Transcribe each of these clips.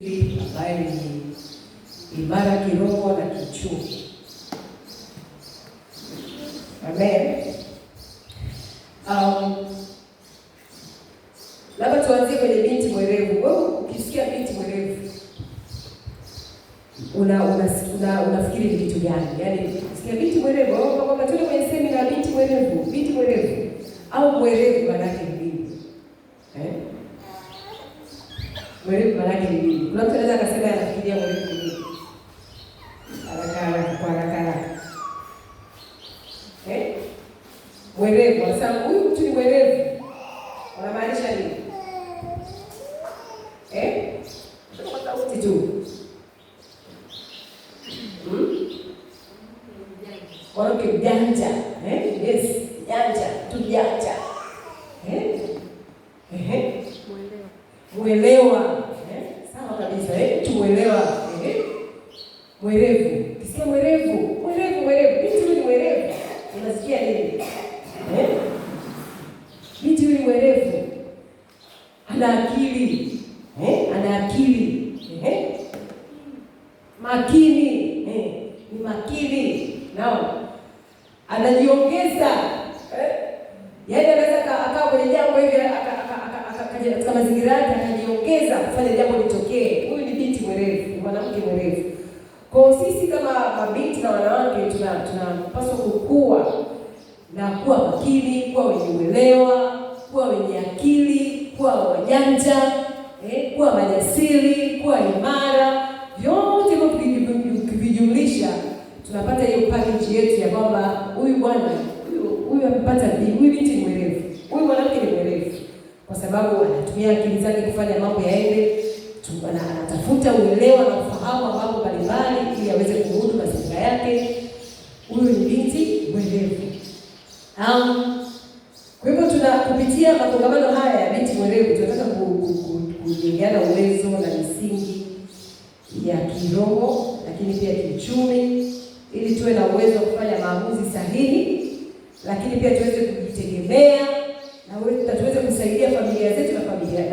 ambayo ni imara kiroho na kiuchumi. Amen. Um, labda tuanzie kwenye binti mwerevu. Wewe ukisikia binti mwerevu una- una- unafikiri ni kitu gani? Yaani sikia binti mwerevu, kama tule kwenye semina binti mwerevu, binti mwerevu au mwerevu maanake Mwalimu maanake ni nini? Kuna mtu anaweza akasema anafikiria mwalimu ni nini? Haraka haraka kwa haraka haraka. Eh? Mwerevu, wanasema huyu mtu ni mwerevu. Wanamaanisha nini? Eh? Kwa sauti tu. Hmm? Mwanamke mjanja, eh? mwelewa eh? Sawa kabisa eh? tuelewa eh? Mwerevu, kisikia mwerevu, mwerevu, mwerevu, binti ni mwerevu. Unasikia nini eh? Binti ni mwerevu, ana akili eh? Ana akili eh? Makini eh? Ni makini nao anajiongeza eh? Yaani anaweza akawa kwenye jambo hivi kufanya jambo litokee. Huyu ni binti mwerevu, mwanamke mwerevu. Kwa sisi kama mabinti na wanawake tunapaswa kukua na kuwa makini, kuwa wenye uelewa, kuwa wenye akili, kuwa wajanja eh, kuwa majasiri, kuwa imara. Vyote hivyo tukivijumlisha, tunapata hiyo package yetu ya kwamba huyu bwana huyu amepata, huyu binti mwerevu sababu anatumia akili zake kufanya mambo yaende, anatafuta uelewa na kufahamu mambo mbalimbali ili aweze kumudu mazingira yake. Huyu ni binti mwerevu. Um, kwa hivyo tuna kupitia makongamano haya ya binti mwerevu tunataka kujengeana uwezo na misingi ya kiroho, lakini pia kiuchumi, ili tuwe na uwezo wa kufanya maamuzi sahihi, lakini pia tuweze kujitegemea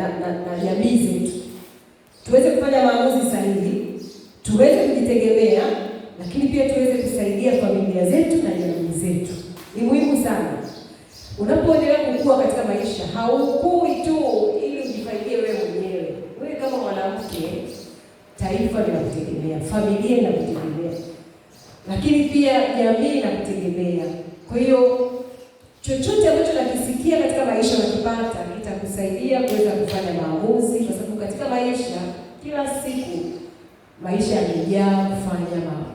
na jamii zetu, tuweze kufanya maamuzi sahihi, tuweze kujitegemea, lakini pia tuweze kusaidia familia zetu na jamii zetu. Ni muhimu sana. Unapoendelea kukua katika maisha, haukui tu ili ujifaidie wewe mwenyewe. Wewe kama mwanamke, taifa linakutegemea, familia inakutegemea, lakini pia jamii inakutegemea. Kwa hiyo chochote ambacho nakisikia katika maisha unachopata kitakusaidia kuweza kufanya maamuzi, kwa sababu katika maisha kila siku maisha yamejaa kufanya maamuzi.